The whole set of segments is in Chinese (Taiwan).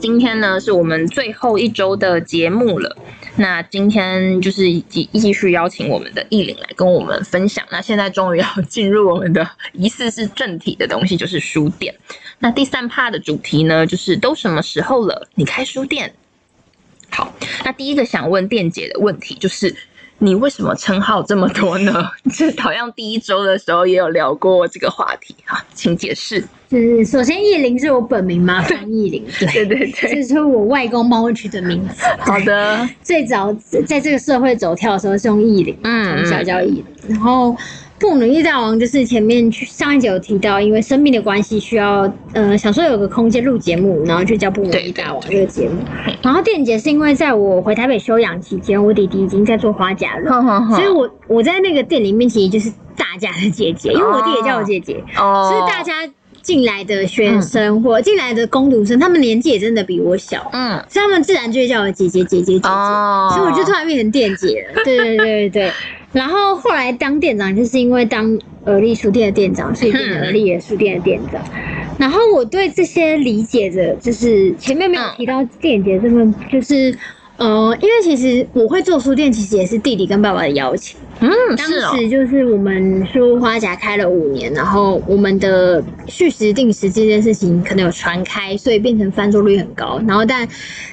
今天呢，是我們最後一周的節目了。那今天就是繼繼續邀請我們的億玲來跟我們分享。那現在終於要進入我們的疑似是正題的東西，就是書店。那第三趴的主題呢，就是都什麼時候了，你開書店？好，那第一個想問店長的問題就是。你為什麼稱號這麼多呢？這好 像第一周的時候也有聊過這個話題哈、啊，請解釋。就是首先，億玲是我本名嘛，方億玲，對，對對對，這是我外公幫我取的名字。 好的，最早在這個社會走跳的時候是用億玲，嗯，從小叫億玲，然後。不努力大王就是前面去上一集有提到，因為生病的關係，需要呃想說有個空間錄節目，然後就叫不努力大王這個節目。對對對，然後電姐是因為在我回台北休養期間，我弟弟已經在做花甲了，呵呵呵，所以我我在那個店裡面其實就是大家的姐姐，因為我弟也叫我姐姐，哦、所以大家進來的學生或進來的工讀生，他們年紀也真的比我小，嗯，所以他們自然就會叫我姐姐姐姐姐姐，姐姐哦、所以我就突然變成電姐了，對對對對。 然後後來當店長，就是因為當而立書店的店長，所以個而立的書店的店長。哼然後我對這些理解的，就是前面沒有提到電影節，這個就是。哦、呃，因為其實我會做書店，其實也是弟弟跟爸爸的邀請。嗯，是喔，當時就是我們書屋花甲開了五年，然後我們的續食定食這件事情可能有傳開，所以變成翻桌率很高。然後，但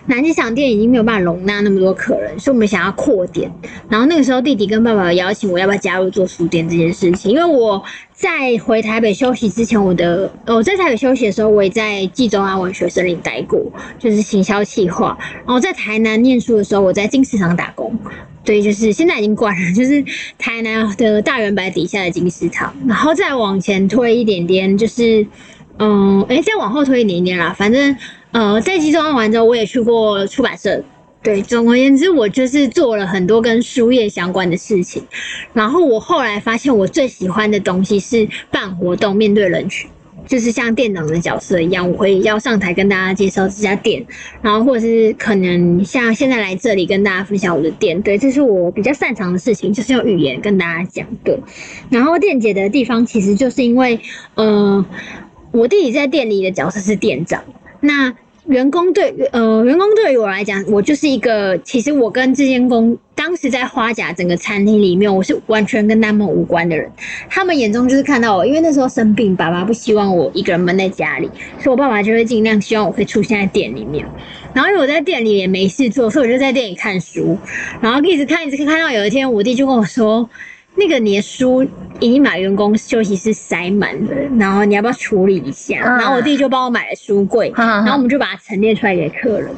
南極小店已經沒有辦法容納那麼多客人，所以我們想要擴點。然後那個時候，弟弟跟爸爸邀請我要不要加入做書店這件事情，因為我。在回台北休息之前，我的我在台北休息的時候，我也在紀州庵文學森林待過，就是行銷企劃。然後在台南念書的時候，我在金石堂打工，對，就是現在已經關了，就是台南的大遠百底下的金石堂。然後再往前推一點點，就是嗯，哎，再往後推一點點啦。反正呃，在紀州庵完之後，我也去過出版社。對，總而言之，我就是做了很多跟書業相關的事情。然後我後來發現，我最喜歡的東西是辦活動，面對人群，就是像店長的角色一樣，我會要上台跟大家介紹這家店，然後或者是可能像現在來這裡跟大家分享我的店。對，這是我比較擅長的事情，就是用語言跟大家講的。對，然後店姐的地方，其實就是因為，呃，我弟弟在店裡的角色是店長，那。員工對。呃，員工對於我來講，我就是一個其實我跟這間公司當時在花甲整個餐廳裡面，我是完全跟他們無關的人。他們眼中就是看到我，因為那時候生病，爸爸不希望我一個人悶在家裡，所以我爸爸就會盡量希望我可以出現在店裡面。然後因為我在店裡也沒事做，所以我就在店裡看書，然後一直看一直看，到有一天，我弟就跟我說。那個你的書已經把員工休息室塞滿了，然後你要不要處理一下？啊、然後我弟就幫我買了書櫃，啊、然後我們就把它陳列出來給客人。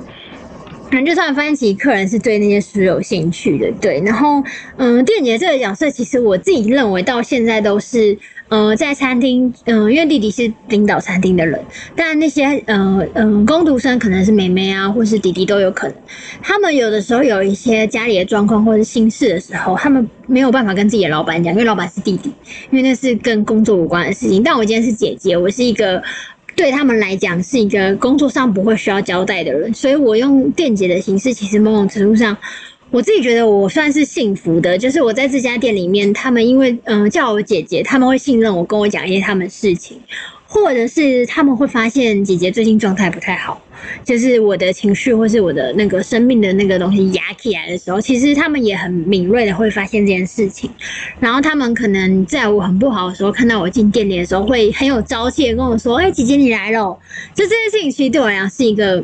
反正就算發現其實客人是對那些書有興趣的，對。然後，嗯，店長這個角色，其實我自己認為到現在都是。呃，在餐廳，嗯、呃，因為弟弟是領導餐廳的人，但那些，嗯、呃，嗯、呃，工讀生可能是妹妹啊，或是弟弟都有可能。他們有的時候有一些家裡的狀況或是心事的時候，他們沒有辦法跟自己的老板講，因為老板是弟弟，因為那是跟工作無關的事情。但我今天是姐姐，我是一個對他們來講是一個工作上不會需要交代的人，所以我用電解的形式，其實某種程度上。我自己覺得我算是幸福的，就是我在這家店裡面，他們因為嗯、呃、叫我姐姐，他們會信任我，跟我講一些他們事情，或者是他們會發現姐姐最近狀態不太好，就是我的情緒或是我的那個生命的那個東西壓起來的時候，其實他們也很敏銳的會發現這件事情，然後他們可能在我很不好的時候，看到我進店裡的時候，會很有朝氣的跟我說：“哎， 姐姐你來了，喔。”就是、這件事情其實對我來講是一個。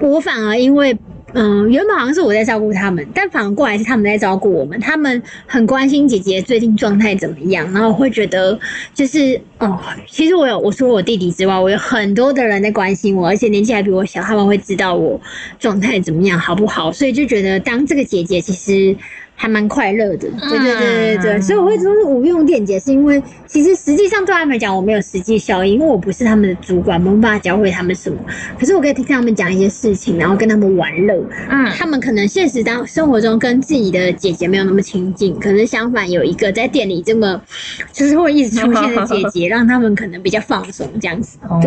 我反而因為，嗯、呃，原本好像是我在照顧他們，但反過來是他們在照顧我們。他們很關心姐姐最近狀態怎麼樣，然後會覺得就是哦、呃，其實我有我除了我弟弟之外，我有很多的人在關心我，而且年紀還比我小，他們會知道我狀態怎麼樣，好不好？所以就覺得當這個姐姐其實，還蠻快樂的，對對對對對，嗯、所以我會說是無用電解，是因為其實實際上對他們來講，我沒有實際效應，因為我不是他們的主管，沒辦法教會他們什麼。可是我可以聽他們講一些事情，然後跟他們玩樂。嗯，他們可能現實當生活中跟自己的姐姐沒有那麼親近，可能相反有一個在店裡這麼就是會一直出現的姐姐，哦、讓他們可能比較放鬆這樣子。哦、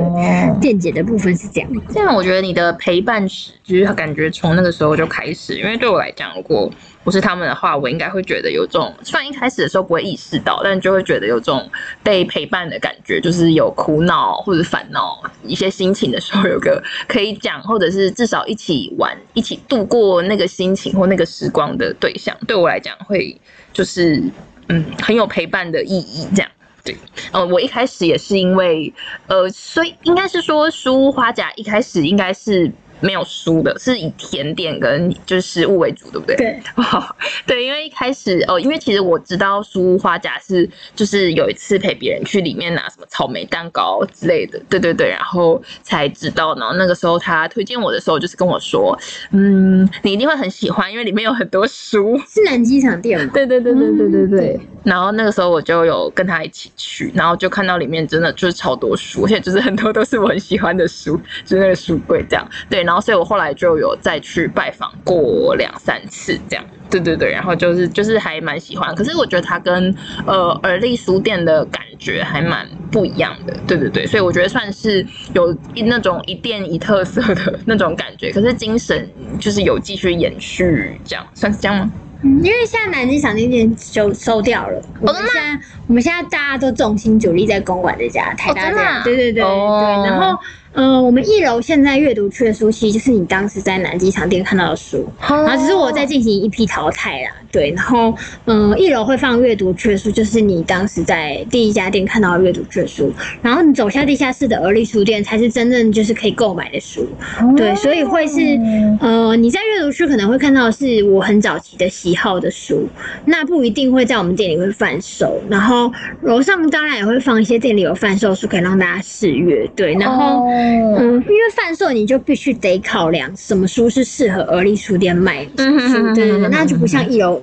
對電姐的部分是這樣，這樣我覺得你的陪伴史其實感覺從那個時候就開始，因為對我來講，如果不是他們的話，我應該會覺得有這種，雖然一開始的時候不會意識到，但就會覺得有這種被陪伴的感覺，就是有苦惱或者煩惱一些心情的時候，有個可以講，或者是至少一起玩，一起度過那個心情或那個時光的對象，對我來講會就是嗯很有陪伴的意義。這樣對，呃，我一開始也是因為呃，所以應該是說書花甲一開始應該是。沒有書的是以甜點跟就是食物為主，對不對？對、哦，對，因為一開始哦，因為其實我知道書屋花甲是就是有一次陪別人去裡面拿什麼草莓蛋糕之類的，對對對，然後才知道，然後那個時候他推薦我的時候就是跟我說，嗯，你一定會很喜歡，因為裡面有很多書，是南機場店嗎？對對對對對對對，嗯、對，然後那個時候我就有跟他一起去，然後就看到裡面真的就是超多書，而且就是很多都是我很喜歡的書，就是那個書櫃這樣，對，然後。然後，所以我後來就有再去拜訪過兩三次，這樣。對對對，然後就是就是還蠻喜歡，可是我覺得它跟呃而立書店的感覺還蠻不一樣的。對對對，所以我覺得算是有一那種一店一特色的那種感覺。可是精神就是有繼續延續，這樣算是這樣嗎？嗯、因為現在南京賞金店就收掉了，我們現、哦、我們現在大家都重心主力在公館這家，台大這樣、哦、對對對、哦、對，然後。嗯，我們一樓現在閱讀區的書其實就是你當時在南機場店看到的書，oh. 然後只是我在進行一批淘汰啦，對，然後嗯，一樓會放閱讀區的書，就是你當時在第一家店看到的閱讀區的書，然後你走下地下室的而立書店才是真正就是可以購買的書，oh. 對，所以會是嗯、呃，你在閱讀區可能會看到是我很早期的喜好的書，那不一定會在我們店裡會販售，然後樓上當然也會放一些店裡有販售書可以讓大家試閱，對，然後。Oh. 嗯，嗯，因為販售，你就必須得考量什麼書是適合而立書店賣書的書，對對、嗯、對，嗯、哼哼那就不像有。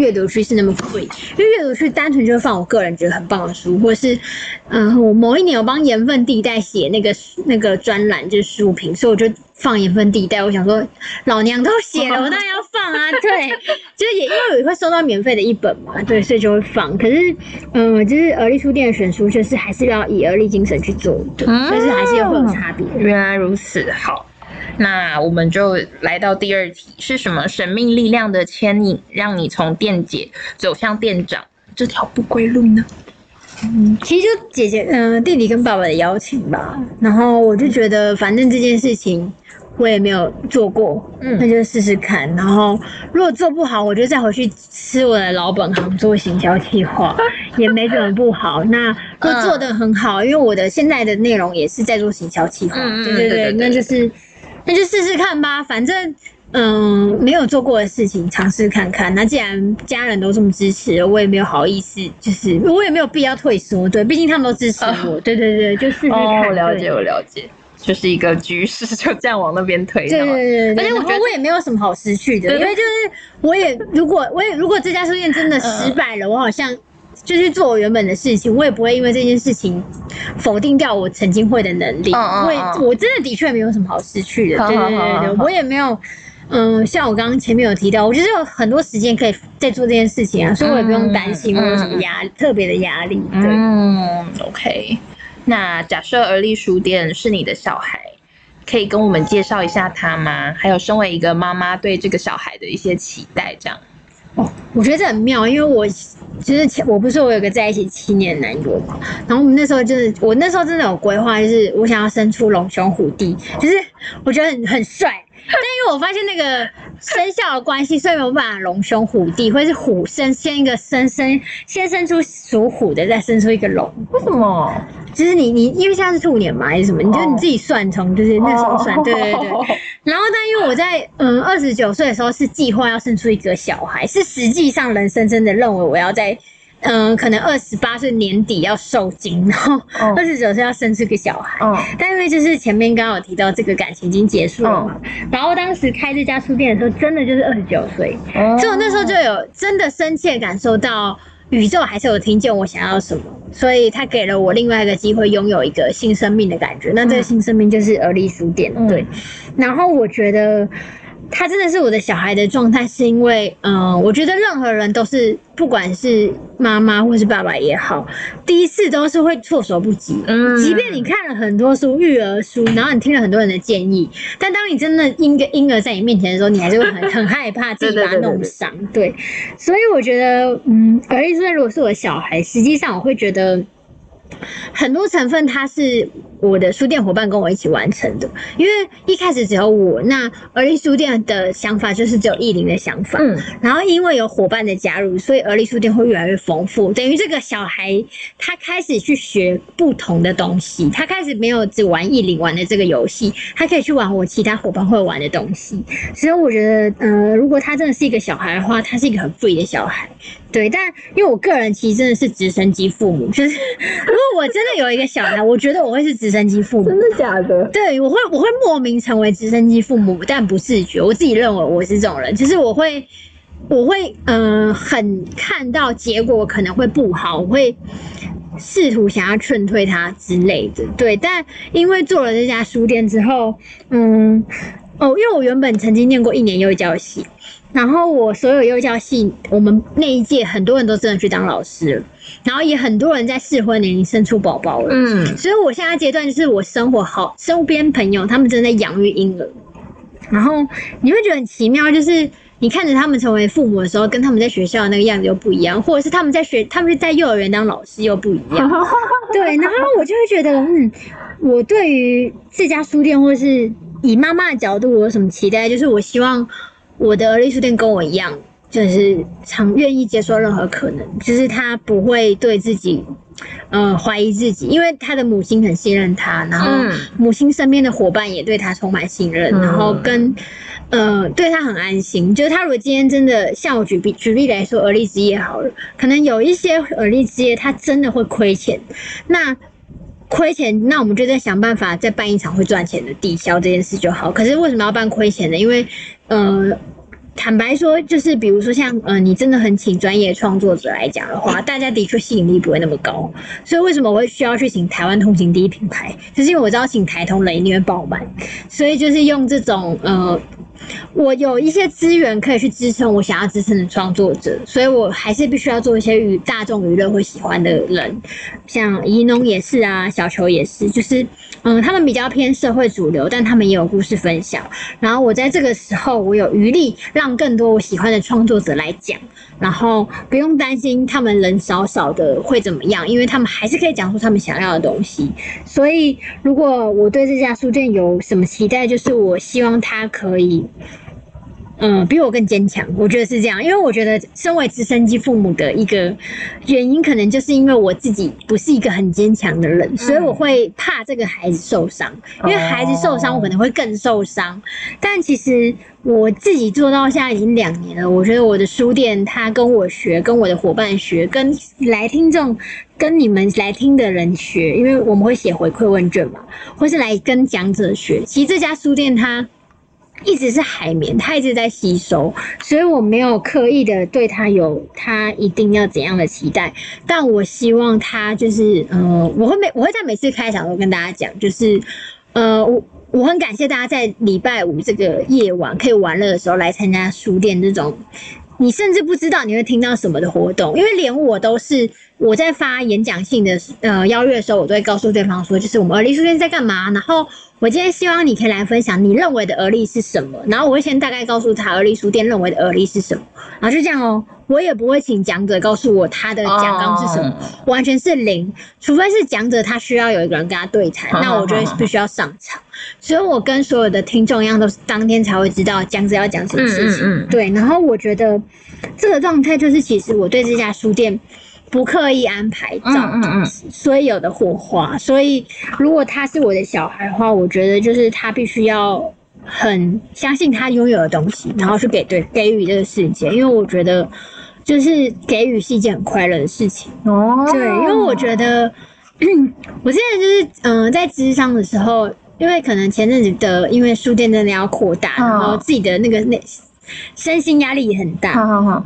閱讀區是那麼貴，因為閱讀區單純就是放我個人覺得很棒的書，或是，嗯，我某一年我幫鹽分地帶寫那個那個專欄就是書評，所以我就放鹽分地帶。我想說老娘都寫了，我當然要放啊。哦、對， 就也因為有一回收到免費的一本嘛，對，所以就會放。可是，嗯，就是而立書店的選書，就是還是要以而立精神去做，但是還是有很多差別。哦、原來如此，好。那我們就來到第二題，是什麼神秘力量的牽引，讓你從店姐走向店長這條不歸路呢？嗯，其實就姐姐、嗯、呃，弟弟跟爸爸的邀請吧。然後我就覺得，反正這件事情我也沒有做過，嗯，那就試試看。然後如果做不好，我就再回去吃我的老本行，做行銷企劃， 也沒什麼不好。那都做得很好，嗯，因為我的現在的內容也是在做行銷企劃，對對對，那就是。那就試試看吧，反正嗯，沒有做過的事情，嘗試看看。那既然家人都這麼支持，我也沒有好意思，就是我也沒有必要退縮。對，畢竟他們都支持我。呃、對對對，就試試看。哦。我了解，對我了解，就是一個局勢就這樣往那邊推。對對對對，後而且我覺得我也沒有什麼好失去的，吧因為就是我也如果我也如果這家書店真的失敗了，呃、我好像。就是做我原本的事情，我也不會因為這件事情否定掉我曾經會的能力。我、oh, oh, oh. 因為我真的的確沒有什麼好失去的，oh, oh, oh. 對，對對對。Oh, oh, oh, oh. 我也沒有，嗯，像我剛剛前面有提到，我覺得有很多時間可以在做這件事情啊，mm hmm. 所以我也不用擔心我有什麼壓力，mm hmm. 特別的壓力。對。嗯，OK。那假設而立書店是你的小孩，可以跟我們介紹一下他嗎？還有，身為一個媽媽，對這個小孩的一些期待，這樣。哦、我覺得這很妙，因為我其實、就是、前我不是說我有個在一起七年的男友嘛，然後我們那時候就是我那時候真的有規劃，就是我想要生出龍兄虎弟，就是我覺得很很帥。 但因為我發現那個生肖的關係，所以沒有辦法龍兄虎弟，或者是虎生先一個生生先生出屬虎的，再生出一個龍。為什麼？就是你你因為現在是兔年嘛，還是什麼？Oh. 你就你自己算從就是那時候算，oh. 對對對。Oh. 然後，但因為我在嗯二十九歲的時候是計劃要生出一個小孩，是實際上人生深的認為我要在。嗯，可能二十八歲年底要受精，然後二十九歲要生這個小孩。Oh. Oh. Oh. 但因為就是前面剛剛有提到這個感情已經結束了嘛，oh. 然後當時開這家書店的時候，真的就是二十九歲，oh. 所以我那時候就有真的深切感受到宇宙還是有聽見我想要什麼，所以他給了我另外一個機會，擁有一個新生命的感覺。那這個新生命就是而立書店，嗯、對。然後我覺得。他真的是我的小孩的狀態，是因為，嗯、呃，我覺得任何人都是，不管是媽媽或是爸爸也好，第一次都是會措手不及。嗯，即便你看了很多書、育兒書，然後你聽了很多人的建議，但當你真的嬰個嬰兒在你面前的時候，你還是會很很害怕自己把它弄傷。對，所以我覺得，嗯，可以說，如果是我的小孩，實際上我會覺得。很多成分，它是我的書店伙伴跟我一起完成的。因為一開始只有我，那而立書店的想法就是只有億玲的想法。嗯，然後因為有伙伴的加入，所以而立書店會越來越豐富。等於這個小孩，他開始去學不同的東西，他開始沒有只玩億玲玩的這個遊戲，他可以去玩我其他伙伴會玩的東西。所以我覺得，呃，如果他真的是一個小孩的話，他是一個很貴的小孩。對，但因為我個人其實真的是直升機父母，就是如果我真的有一個小孩，我覺得我會是直升機父母。真的假的？對，我會我會莫名成為直升機父母，但不自覺，我自己認為我是這種人，就是我會我會嗯、呃、很看到結果可能會不好，我會試圖想要勸退他之類的。對，但因為做了這家書店之後，嗯哦，因為我原本曾經念過一年幼教系。然後我所有幼教系，我們那一屆很多人都真的去當老師了，然後也很多人在適婚年齡生出寶寶了。嗯，所以我現在階段就是我生活好，身邊朋友他們正在養育嬰兒。然後你會覺得很奇妙，就是你看着他們成為父母的時候，跟他們在學校那個樣子又不一樣，或者是他們在學，他們在幼兒園當老師又不一樣。 對，然後我就會覺得，嗯，我對於這家書店，或是以媽媽的角度，我有什麼期待？就是我希望。我的而立書店跟我一樣，就是常願意接受任何可能，就是他不會對自己，呃，懷疑自己，因為他的母親很信任他，然後母親身邊的夥伴也對他充滿信任，然後跟，呃，對他很安心。就是他如果今天真的像我舉舉例來說而立職業，好了，可能有一些而立職業，他真的會虧錢，那虧錢，那我們就在想辦法再辦一場會賺錢的抵銷這件事就好。可是為什麼要辦虧錢呢？因為嗯、呃、坦白說，就是比如說像嗯、呃、你真的很請專業創作者來講的話，大家的確吸引力不會那麼高。所以為什麼我會需要去請台灣通行第一品牌？就是因為我知道請台通雷虐會爆滿，所以就是用這種呃。我有一些資源可以去支撐我想要支撐的創作者，所以我還是必須要做一些大眾輿論會喜歡的人，像怡農也是啊，小球也是，就是嗯，他們比較偏社會主流，但他們也有故事分享。然後我在這個時候，我有餘力讓更多我喜歡的創作者來講。然後不用擔心他們人少少的會怎麼樣，因為他們還是可以講出他們想要的東西。所以，如果我對這家書店有什麼期待，就是我希望它可以。嗯，比我更堅強，我覺得是這樣，因為我覺得身為直升機父母的一個原因，可能就是因為我自己不是一個很堅強的人，嗯、所以我會怕這個孩子受傷，嗯、因為孩子受傷，我可能會更受傷。哦、但其實我自己做到現在已經兩年了，我覺得我的書店，它跟我學，跟我的夥伴學，跟來聽眾，跟你們來聽的人學，因為我們會寫回饋問卷嘛，或是來跟講者學。其實這家書店它一直是海綿，它一直在吸收，所以我沒有刻意的對它有它一定要怎樣的期待。但我希望它就是，嗯、呃，我會每我會在每次開場都跟大家講，就是，呃，我我很感謝大家在禮拜五這個夜晚可以玩樂的時候來參加書店這種，你甚至不知道你會聽到什麼的活動，因為連我都是。我在發演講性的呃邀約的時候，我都會告訴對方說，就是我們而立書店在幹嘛。然後我今天希望你可以來分享你認為的而立是什麼。然後我會先大概告訴他而立書店認為的而立是什麼。然後就這樣哦，我也不會請講者告訴我他的講綱是什麼，完全是零。除非是講者他需要有一個人跟他對談，那我就會必須要上場。所以，我跟所有的聽眾一樣，都是當天才會知道講者要講什麼事情。對，然後我覺得這個狀態就是，其實我對這家書店。不刻意安排找東西。嗯，嗯嗯嗯，所以有的火花。所以如果他是我的小孩的話，我覺得就是他必須要很相信他擁有的東西，然後去給對給予這個世界，因為我覺得就是給予是一件很快樂的事情哦，對，因為我覺得我現在就是嗯、呃、在諮商的時候，因為可能前陣子的因為書店真的那要擴大，然後自己的那個那身心壓力也很大，好、哦、好好。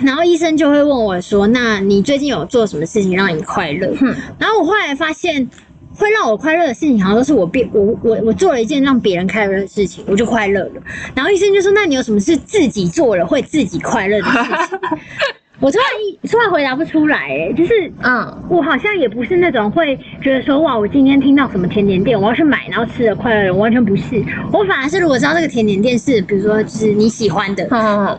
然後醫生就會問我說：“那你最近有做什麼事情讓你快樂？”嗯、然後我後來發現，會讓我快樂的事情，好像都是我變我我我做了一件讓別人快樂的事情，我就快樂了。然後醫生就說：“那你有什麼是自己做了會自己快樂的事情？” 我突然突然回答不出來、欸，哎，就是，嗯，我好像也不是那種會覺得說，哇，我今天聽到什麼甜點店，我要去買，然後吃了快的快樂，我完全不是。我反而是如果知道這個甜點店是，比如說，是你喜歡的，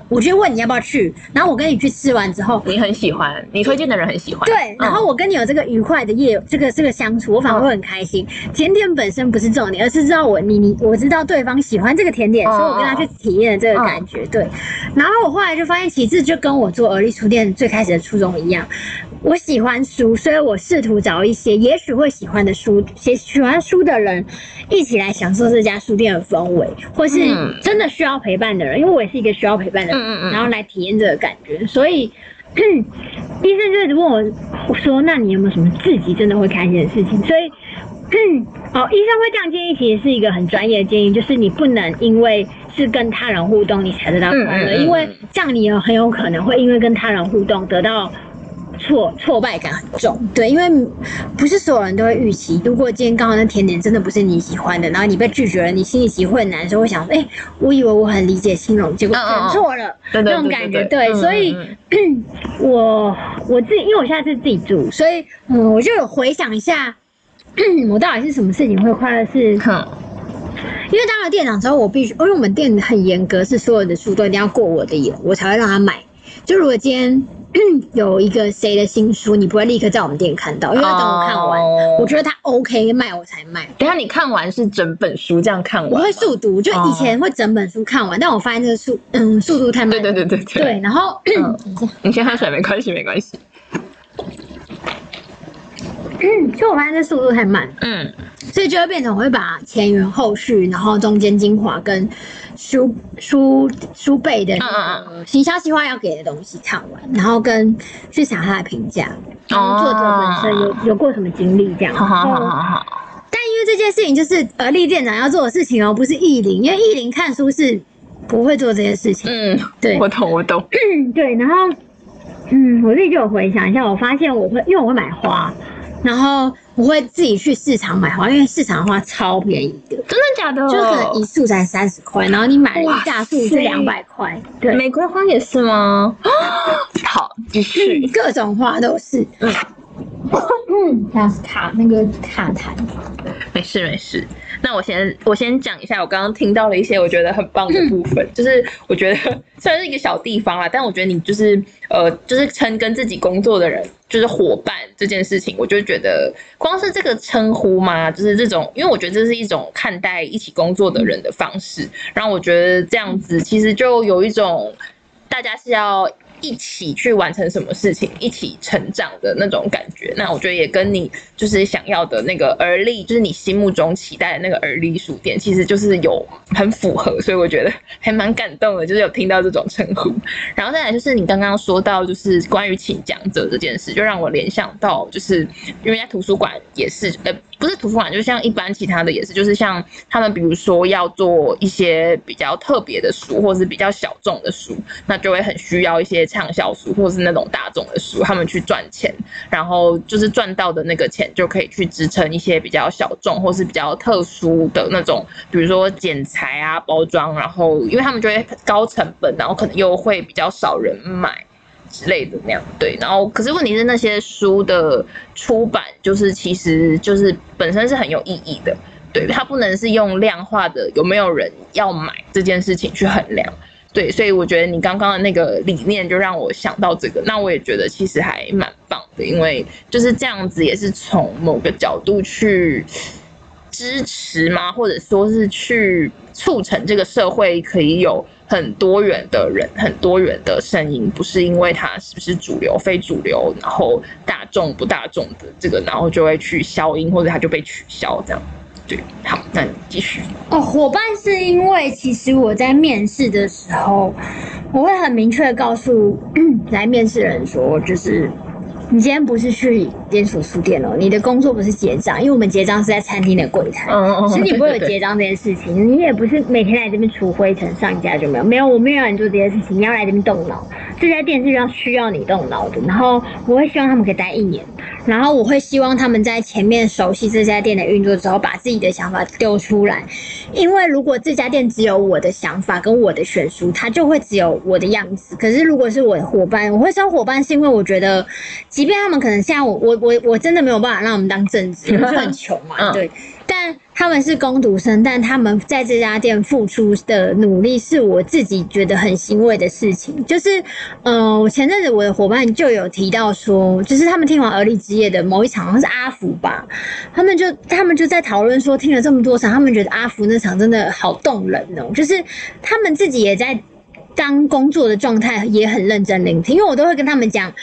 我就問你要不要去，然後我跟你去吃完之後，你很喜歡，你推薦的人很喜歡，對。然後我跟你有這個愉快的夜，這個這個相處，我反而會很開心。甜點本身不是重點，而是知道我你你，我知道對方喜歡這個甜點，所以我跟他去體驗這個感覺，對。然後我後來就發現，其實就跟我做而立出。最開始的初衷一樣，我喜歡書，所以我試圖找一些也許會喜歡的書，寫喜歡書的人一起來享受這家書店的氛圍，或是真的需要陪伴的人，因為我也是一個需要陪伴的人，嗯嗯嗯，然後來體驗這個感覺。所以，嗯，醫生就一直問我，我說那你有沒有什麼自己真的會開心的事情？所以。嗯、哦，醫生會這樣建議，其實是一個很專業的建議，就是你不能因為是跟他人互動，你才得到快樂，嗯嗯嗯、因為這樣你有很有可能會因為跟他人互動得到挫挫敗感很重。對，因為不是所有人都會預期。如果今天剛好那甜點真的不是你喜歡的，然後你被拒絕了，你心裡其實會很難受，會想：哎、欸，我以為我很理解心容，結果全錯了，那、哦哦、種感覺。對，對，對，對，對嗯、所以、嗯、我我自己，因為我現在是自己住，所以、嗯、我就有回想一下。 我到底是什麼事情會快樂？是哼，因為當了店長之後，我必須，因為我們店很嚴格，是所有的書都一定要過我的眼，我才會讓他買。就如果今天有一個誰的新書，你不會立刻在我們店看到，因為等我看完，哦、我覺得他 OK，賣我才賣。等下你看完是整本書這樣看完？我會速讀，就以前會整本書看完，哦、但我發現這個速嗯速度太慢。對對對對對。對，然後、呃嗯、你先喝水，沒關係，沒關係。嗯，就我發現這速度太慢，嗯，所以就會變成我會把前緣後續，然後中間精華跟書書書背的那行銷企劃要給的東西唱完，嗯嗯、然後跟去想他的評價，然後作者本身有、啊、有過什麼經歷這樣。好，好好好。但因為這件事情就是呃，而立店長要做的事情哦、喔，不是億玲，因為億玲看書是不會做這些事情。嗯，對，我懂，我懂。 對，然後嗯，我自己就有回想一下，我發現我會，因為我會買花。然後我會自己去市場買花，因為市場花超便宜的，真的假的，哦？就可能一束才三十塊，然後你買了一大束是兩百塊。對，玫瑰花也是嗎？啊，好，繼續是，是各種花都是。嗯， 嗯，卡那個卡痰，沒事沒事。那我先我先講一下，我剛剛聽到了一些我覺得很棒的部分，嗯、就是我覺得雖然是一個小地方啦，但我覺得你就是呃，就是稱跟自己工作的人就是夥伴這件事情，我就覺得光是這個稱呼嘛，就是這種，因為我覺得這是一種看待一起工作的人的方式，然後我覺得這樣子其實就有一種大家是要。一起去完成什麼事情，一起成長的那種感覺，那我覺得也跟你就是想要的那個而立，就是你心目中期待的那個而立書店，其實就是有很符合，所以我覺得還蠻感動的，就是有聽到這種稱呼。然後再來就是你剛剛說到就是關於請講者這件事，就讓我聯想到就是因為在圖書館也是，呃。不是圖書館，就像一般其他的也是，就是像他們，比如說要做一些比較特別的書，或是比較小眾的書，那就會很需要一些暢銷書，或是那種大眾的書，他們去賺錢，然後就是賺到的那個錢就可以去支撐一些比較小眾或是比較特殊的那種，比如說剪裁啊、包裝，然後因為他們就會高成本，然後可能又會比較少人買。之類的那樣，對，然後可是問題是那些書的出版就是其實就是本身是很有意義的，對，它不能是用量化的有沒有人要買這件事情去衡量，對，所以我覺得你剛剛的那個理念就讓我想到這個，那我也覺得其實還蠻棒的，因為就是這樣子也是從某個角度去。支持嗎？或者說是去促成這個社會可以有很多元的人、很多元的聲音，不是因為他是不是主流、非主流，然後大眾不大眾的這個，然後就會去消音，或者他就被取消這樣。對，好，那繼續哦。夥伴是因為，其實我在面試的時候，我會很明確的告訴來面試人說，就是。你今天不是去連鎖書店了，喔？你的工作不是結賬？因為我們結賬是在餐廳的櫃檯，所以你不會有結賬這件事情。你也不是每天來這邊除灰塵上架就沒有？沒有，我沒有讓你做這件事情。你要來這邊動腦，這家店是要需要你動腦的。然後我會希望他們可以待一年，然後我會希望他們在前面熟悉這家店的運作之後，把自己的想法丟出來。因為如果這家店只有我的想法跟我的選書，它就會只有我的樣子。可是如果是我的夥伴，我會收夥伴，是因為我覺得。即便他們可能現在我我我真的沒有辦法讓我們當正職，就很窮嘛。 嗯、對，但他們是工讀生，但他們在這家店付出的努力是我自己覺得很欣慰的事情。就是，呃，我前陣子我的夥伴就有提到說，就是他們聽完而立之夜的某一場，好像是阿福吧？他們就他們就在討論說，聽了這麼多場，他們覺得阿福那場真的好動人哦。就是他們自己也在當工作的狀態，也很認真聆聽，因為我都會跟他們講。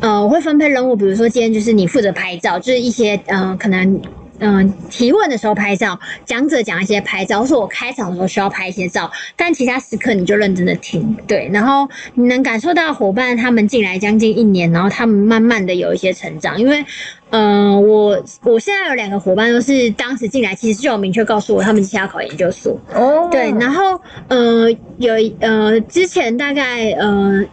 呃，我會分配任務，比如說今天就是你負責拍照，就是一些嗯、呃，可能嗯、呃、提問的時候拍照，講者講一些拍照，或說我開場的時候需要拍一些照，但其他時刻你就認真的聽，對，然後你能感受到夥伴他們進來將近一年，然後他們慢慢的有一些成長，因為嗯、呃，我我現在有兩個夥伴都是當時進來，其實就有明確告訴我他們是要考研究所，哦，oh. 對，然後呃有呃之前大概呃。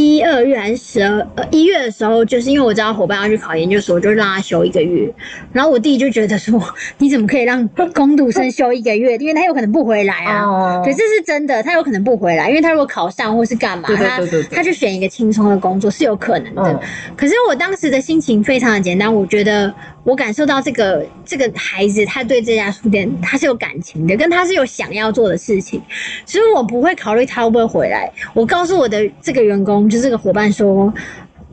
一二月還是十二？一月的時候，就是因為我知道伙伴要去考研究所，我就讓他休一個月。然後我弟就覺得說：“你怎麼可以讓工讀生休一個月？因為他有可能不回來啊。”哦、可是這是真的，他有可能不回來，因為他如果考上或是幹嘛，對對對對他他去選一個輕鬆的工作是有可能的。嗯、可是我當時的心情非常的簡單，我覺得。我感受到這個這個孩子，他對這家書店他是有感情的，跟他是有想要做的事情。所以我不會考慮他會不會回來。我告訴我的這個員工，就是、這個伙伴說。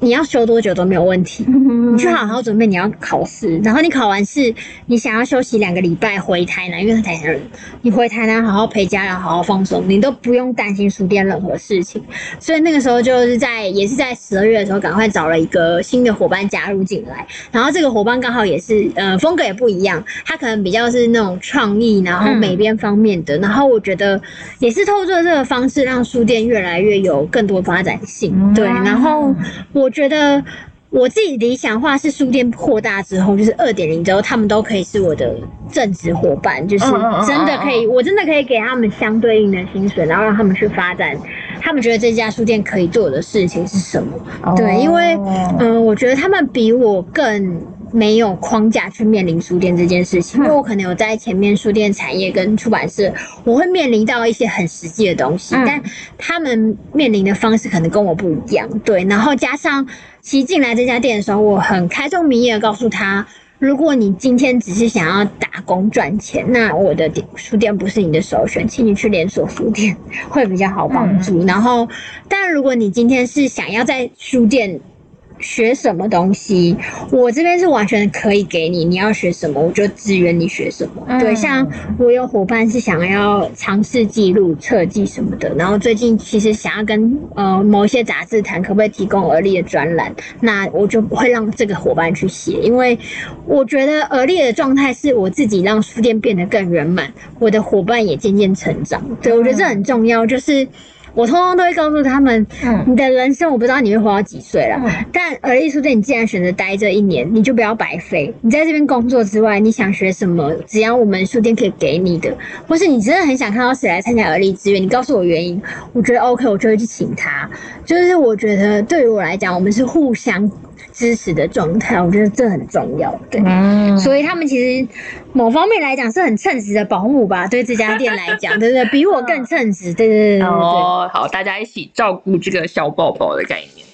你要休多久都沒有問題，你去好好準備你要考試，然後你考完試，你想要休息兩個禮拜回台南，因為台南，你回台南好好陪家人，好好放鬆，你都不用擔心書店任何事情。所以那個時候就是在也是在十二月的時候，趕快找了一個新的夥伴加入進來，然後這個夥伴剛好也是呃風格也不一樣，他可能比較是那種創意，然後美編方面的，然後我覺得也是透過這個方式讓書店越來越有更多發展性，對，然後我。我覺得我自己理想化是書店擴大之後，就是二點零之後，他們都可以是我的正職夥伴，就是真的可以，我真的可以給他們相對應的薪水，然後讓他們去發展他們覺得這家書店可以做的事情是什麼？對，因為嗯、呃，我覺得他們比我更。沒有框架去面臨書店這件事情，因為我可能有在前面書店產業跟出版社，嗯、我會面臨到一些很實際的東西，嗯、但他們面臨的方式可能跟我不一樣。對，然後加上其實進來這家店的時候，我很開宗明義的告訴他，如果你今天只是想要打工賺錢，那我的書店不是你的首選，請你去連鎖書店會比較好幫助。嗯、然後，但如果你今天是想要在書店學什麼東西，我這邊是完全可以給你。你要學什麼，我就支援你學什麼。嗯、對，像我有夥伴是想要嘗試記錄、設計什麼的，然後最近其實想要跟呃某些雜誌談，可不可以提供而立的專欄？那我就不會讓這個夥伴去寫，因為我覺得而立的狀態是我自己讓書店變得更圓滿，我的夥伴也漸漸成長。對，對，我覺得這很重要，就是。我通通都會告訴他們，你的人生我不知道你會活到幾歲了，但而立書店你既然選擇待這一年，你就不要白費。你在這邊工作之外，你想學什麼，只要我們書店可以給你的，或是你真的很想看到誰來參加而立志願，你告訴我原因，我覺得 OK，我就會去請他。就是我覺得對於我來講，我們是互相。知識的狀態，我覺得這很重要的。對，嗯，所以他們其實某方面來講是很稱職的保姆吧，對這家店來講，對不對，比我更稱職， 對對對哦，好，大家一起照顧這個小寶寶的概念。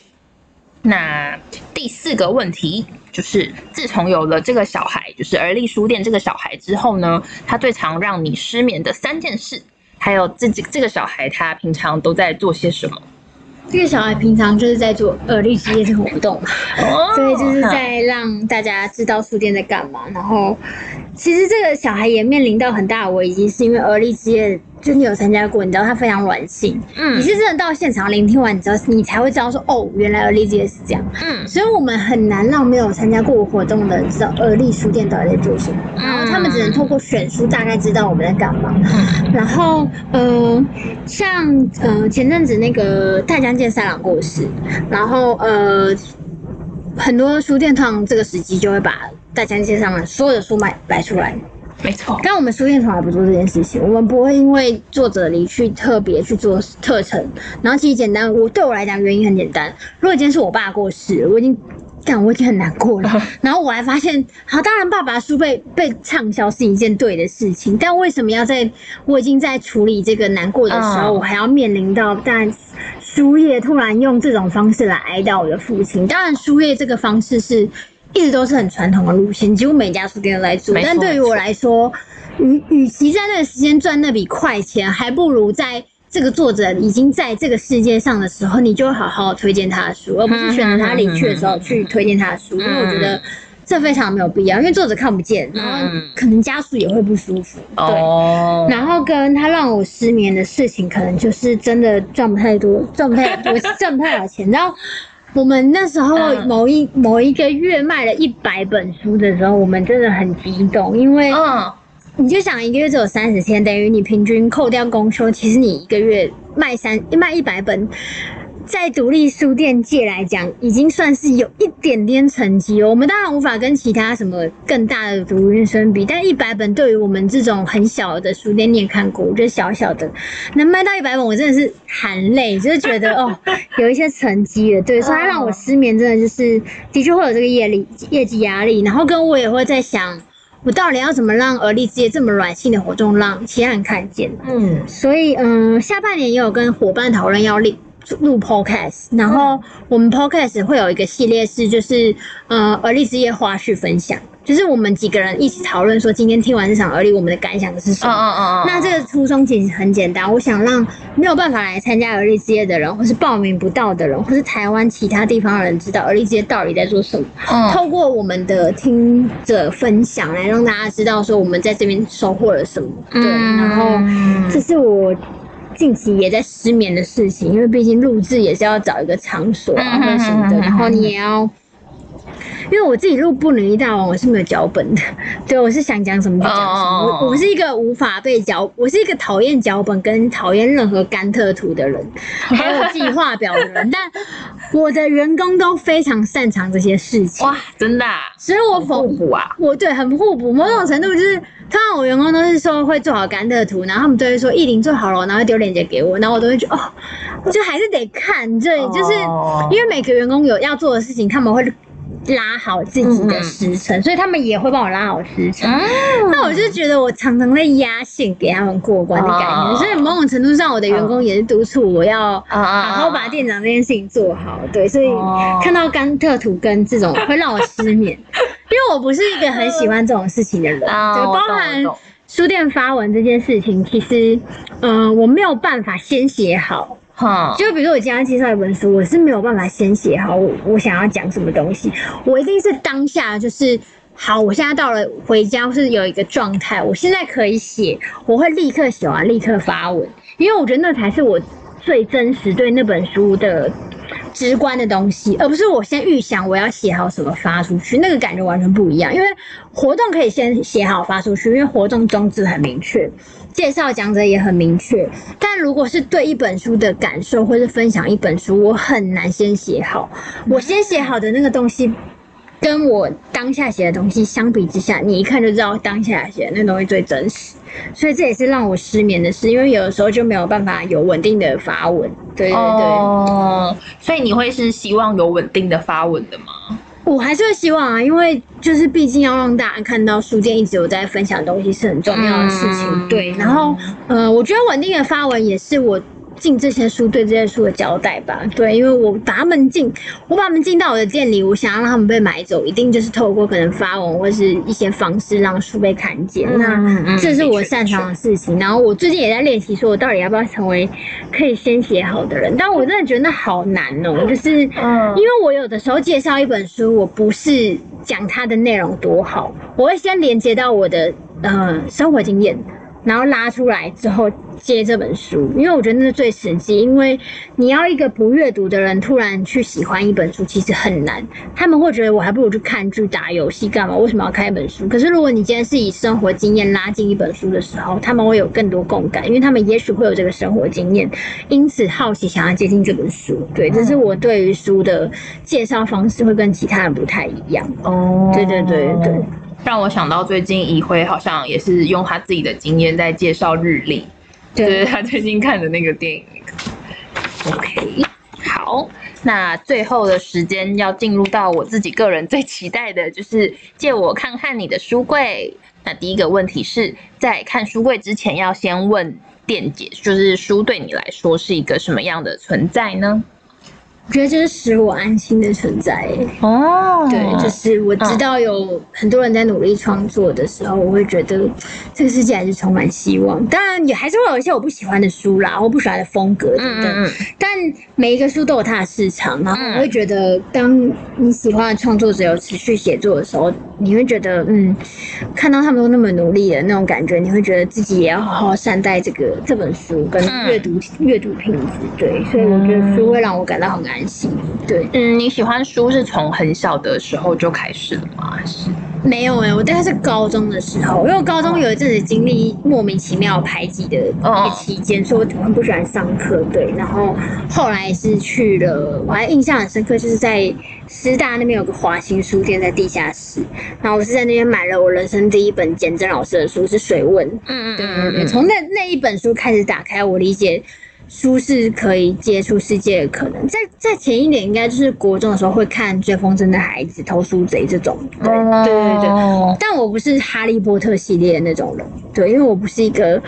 那第四個問題就是，自從有了這個小孩，就是而立書店這個小孩之後呢，他最常讓你失眠的三件事，還有這幾這個小孩他平常都在做些什麼？這個小孩平常就是在做而立之夜的活動，oh, 嗯、所以就是在讓大家知道書店在幹嘛。然後，其實這個小孩也面臨到很大的危機，是因為而立之夜，就是、你有參加過，你知道他非常軟性。嗯，你是真的到現場聆聽完，你知道你才會知道說哦，原來而立之夜是這樣。嗯，所以我們很難讓沒有參加過活動的知道而立書店到底在做什麼，然後他們只能透過選書大概知道我們在幹嘛。嗯嗯、然後，呃，像呃前陣子那個泰獎。健三郎過世，然後呃，很多書店通常這個時機就會把大江健三郎所有的書賣擺出來。沒錯錯，但我們書店從來不做這件事情，我們不會因為作者離去特別去做特陳。然後其實簡單，我對我來講原因很簡單，如果今天是我爸過世，我已經，但我已經很難過了。 然後我還發現，好，當然爸爸書被被暢銷是一件對的事情，但為什麼要在我已經在處理這個難過的時候，哦、我還要面臨到但。書業突然用這種方式來哀悼我的父親，當然，書業這個方式是一直都是很傳統的路線，幾乎每家書店都在做。沒錯，但對於我來說，與與沒錯，其在那個時間賺那筆快錢，還不如在這個作者已經在這個世界上的時候，你就好好推薦他的書，嗯、而不是選擇他離去的時候去推薦他的書，嗯嗯、因為我覺得。這非常沒有必要，因為作者看不見，然後可能家屬也會不舒服，嗯、對。哦、然後跟他讓我失眠的事情，可能就是真的賺不太多，賺不太多， 賺不了錢。然後我們那時候某一、嗯、某一個月賣了一百本書的時候，我們真的很激動，因為，你就想一個月只有三十天，等於你平均扣掉公休，其實你一個月賣三一賣一百本，在獨立書店界來講，已經算是有一點點成績了喔。我們當然無法跟其他什麼更大的獨立書店比，但一百本對於我們這種很小的書店，你也看過，我覺得小小的能賣到一百本，我真的是含淚， 就是覺得哦，有一些成績了。對， 所以它讓我失眠，真的就是的確會有這個業力業績壓力。然後跟我也會在想，我到底要怎麼讓而立之夜這麼軟性的活動讓其他人看見。嗯，所以嗯，下半年也有跟夥伴討論要立。錄 podcast，然後我們 podcast 會有一個系列是，就是、嗯、呃，而立之夜花絮分享，就是我們幾個人一起討論說，今天聽完這場而立，我們的感想的是什麼？哦哦哦哦。那這個初衷其實很簡單，我想讓沒有辦法來參加而立之夜的人，或是報名不到的人，或是台灣其他地方的人知道而立之夜到底在做什麼。嗯、透過我們的聽者分享，來讓大家知道說，我們在這邊收穫了什麼。嗯、對，然後這是我。近期也在失眠的事情，因為畢竟錄制也是要找一個場所啊，或者什麼的，然後你也要、哦。因為我自己錄《不女一大王》，我是沒有腳本的。對，我是想講什麼就講什麼。我我是一個無法被腳，我是一個討厭腳本跟討厭任何甘特圖的人，還有計劃表的人。但我的員工都非常擅長這些事情。哇，真的，所以互補啊。我對，很互補。某種程度就是，通常我員工都是說會做好甘特圖，然後他們都會說億玲做好了，然後丟鏈接給我，然後我都會覺得哦，就還是得看，對，就是因為每個員工有要做的事情，他們會。拉好自己的時程，嗯嗯，所以他們也會幫我拉好時程。那、嗯、我就覺得我常常在壓線給他們過關的感覺，啊、所以某種程度上，我的員工也是督促我要好好把店長這件事情做好。啊、對，所以看到甘特圖跟這種會讓我失眠，啊、因為我不是一個很喜歡這種事情的人。對，啊、包含我懂我懂書店發文這件事情，其實，嗯，我沒有辦法先寫好。就比如說，我今天介紹一本書，我是沒有辦法先寫好我我想要講什麼東西，我一定是當下就是好，我現在到了回家是有一個狀態，我現在可以寫，我會立刻寫完，立刻發文，因為我覺得那才是我最真實對那本書的直觀的東西，而不是我先預想我要寫好什麼發出去，那個感覺完全不一樣。因為活動可以先寫好發出去，因為活動宗旨很明確。介紹講者也很明確，但如果是對一本書的感受，或是分享一本書，我很難先寫好。我先寫好的那個東西，跟我當下寫的東西相比之下，你一看就知道當下寫那東西最真實。所以這也是讓我失眠的事，因為有的時候就沒有辦法有穩定的發文。對對對，哦，呃，所以你會是希望有穩定的發文的嗎？我還是會希望啊，因為就是畢竟要讓大家看到書店一直有在分享東西是很重要的事情，嗯、對。然後，呃，我覺得穩定的發文也是我，進這些書，對這些書的交代吧。對，因為我把他們進，我把他們進到我的店裡，我想讓他們被買走，一定就是透過可能發文或是一些方式讓書被看見。那這是我擅長的事情。然後我最近也在練習，說我到底要不要成為可以先寫好的人？但我真的覺得那好難哦、喔，就是因為我有的時候介紹一本書，我不是講它的內容多好，我會先連結到我的呃生活經驗。然後拉出來之後接這本書，因為我覺得那是最實際。因為你要一個不閱讀的人突然去喜歡一本書，其實很難。他們會覺得，我還不如去看劇、打遊戲幹嘛？為什麼要看一本書？可是如果你今天是以生活經驗拉近一本書的時候，他們會有更多共感，因為他們也許會有這個生活經驗，因此好奇想要接近這本書。對，這是我對於書的介紹方式會跟其他人不太一樣。哦，對對對對。對讓我想到最近一輝好像也是用他自己的經驗在介紹日曆，就是他最近看的那個電影。對 OK，好，那最後的時間要進入到我自己個人最期待的，就是借我看看你的書櫃。那第一個問題是在看書櫃之前要先問店姐，就是書對你來說是一個什麼樣的存在呢？我覺得這是使我安心的存在哦、欸。對，就是我知道有很多人在努力創作的時候，我會覺得這個世界還是充滿希望。當然也還是會有一些我不喜歡的書啦，我不喜歡的風格，對不對？但每一個書都有它的市場，然後我會覺得，當你喜歡的創作者有持續寫作的時候，你會覺得，嗯，看到他們都那麼努力的那種感覺，你會覺得自己也要好好善待這個這本書跟閱讀閱讀品質。對，所以我覺得書會讓我感到很安。對，嗯，你喜歡書是從很小的時候就開始了嗎？是沒有哎、欸，我大概是高中的時候，因為我高中有一陣子經歷莫名其妙排擠的期間，哦、所以我很不喜歡上課。對，然後後來是去了，我還印象很深刻，就是在師大那邊有個華新書店在地下室，然後我是在那邊買了我人生第一本簡媜老師的書，是水問。嗯嗯嗯，嗯嗯從那那一本書開始打開，我理解。書是可以接觸世界的可能，在在前一點，應該就是國中的時候會看《追風箏的孩子》、《偷書賊》這種，對對對對。Oh. 但我不是哈利波特系列的那種人，對，因為我不是一個。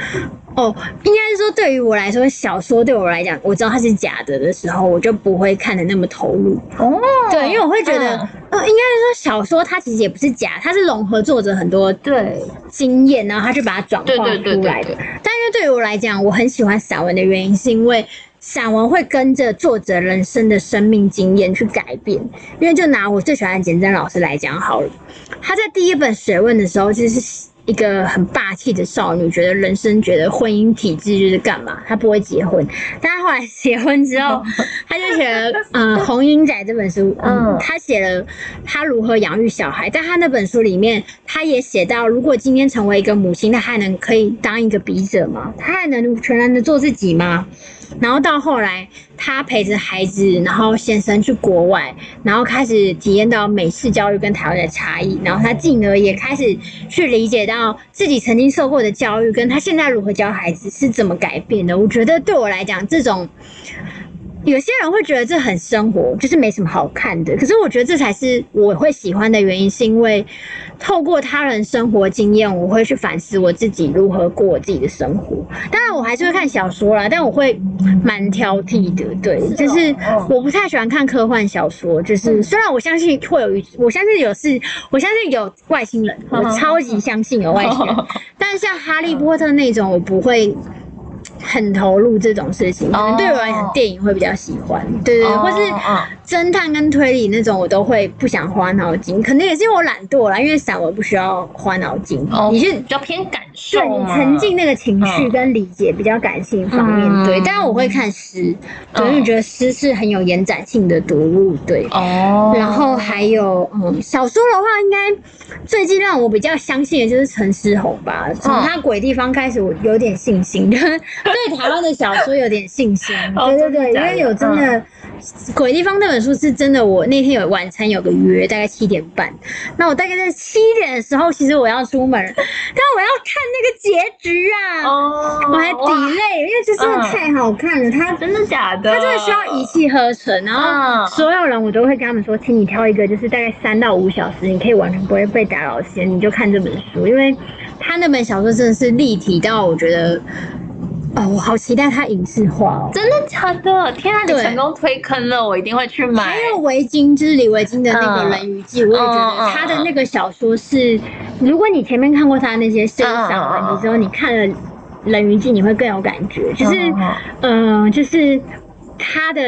哦，應該是說，對於我來說，小說對我來講，我知道它是假的的時候，我就不會看的那麼投入。哦，對，因為我會覺得，嗯、呃，應該是說小說它其實也不是假，它是融合作者很多的經驗，然後他去把它轉化出來的。但因為對於我來講，我很喜歡散文的原因，是因為散文會跟着作者人生的生命經驗去改變。因為就拿我最喜歡的簡媜老師來講好了，他在第一本水問的時候，其實是。一個很霸氣的少女，覺得人生，覺得婚姻體制就是幹嘛？她不會結婚，但她後來結婚之後，她就寫了《嗯、 呃、紅嬰仔》這本書。嗯，她寫了她如何養育小孩，但她那本書裡面，她也寫到，如果今天成為一個母親，她還能可以當一個筆者嗎？她還能全然的做自己嗎？然後到後來，他陪着孩子，然後先生去國外，然後開始體驗到美式教育跟台灣的差異。然後他進而也開始去理解到自己曾經受過的教育，跟他現在如何教孩子是怎麼改變的。我覺得對我來講，這種。有些人會覺得這很生活，就是沒什麼好看的。可是我覺得這才是我會喜歡的原因，是因為透過他人生活經驗，我會去反思我自己如何過我自己的生活。當然，我還是會看小說啦，Okay. 但我會蠻挑剔的。對，是哦哦、就是我不太喜歡看科幻小說。就是、嗯、雖然我相信會有，一，我相信有是，我相信有外星人，我超級相信有外星人。 但像哈利波特那種，我不會。很投入這種事情，oh. 可能對我來講，電影會比較喜歡，對對，或是。偵探跟推理那種我都會不想花腦筋，可能也是因為我懶惰啦。因為散文不需要花腦筋。哦、你是比較偏感受、啊，對，沉浸那個情緒跟理解比較感性方面。嗯、對，但我會看詩，所以、嗯、覺得詩是很有延展性的讀物。對，哦、然後還有嗯，小說的話，應該最近讓我比較相信的就是陳思宏吧。從、嗯、他《鬼地方》開始，我有點信心，嗯、 對台灣的小說有點信心。哦、對對對，因為有真的，的。嗯《鬼地方》那本書是真的，我那天有晚餐有個約，大概七點半。那我大概在七點的時候，其實我要出門，但我要看那個結局啊！哦，我還 delay，哇因為這真的太好看了。嗯、它真的假的？它真的需要一氣呵成。然後所有人我都會跟他們說，請你挑一個，就是大概三到五小時，你可以完全不會被打擾時間，你就看這本書，因為它那本小說真的是立體到我覺得。哦，我好期待他影視化哦！真的假的？天啊，你成功推坑了，對我一定會去買。還有李維菁，就是李維菁的那個《人魚紀》，嗯，我也覺得他的那個小說是，嗯嗯，如果你前面看過他那些身上的時候，之後，嗯，嗯嗯、你看了《人魚紀》，你會更有感覺。就是，嗯，嗯，嗯，嗯，就是。他的